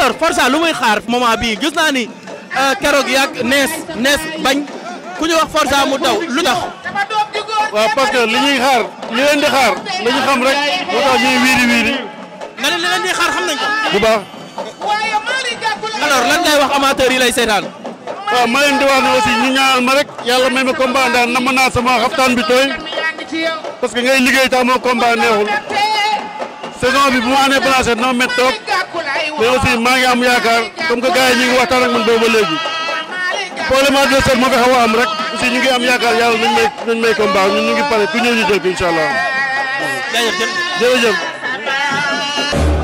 alors Forza lu muy xaar moment bii gis naa ni euh, keroog yàgg nees nees bañ ku ñu wax Forza mu daw lu tax. waaw parce que li ñuy xaar ñu leen xaar la ñu xam rek moo tax ñuy wiiri wiiri. xam nañ ko. bu baax. alors lan ngay wax amateurs yi lay seetaan. waaw ma leen di wax ne ñu ñaanal ma rek yàlla may ma combat ndax namm naa sama xaftaan bi tooy parce que ngay liggéey te amoo combat neexul. combat bi bu ma amee placé dina ma métti trop mais aussi maa ngi am yaakaar comme que gars yi ñu ngi waxtaan ak man boobu ba léegi problème adversaire moo fi xaw a am rek aussi ñu ngi am yaakaar yàlla nañ may nañ may combat ngi pare ku ñëw ñu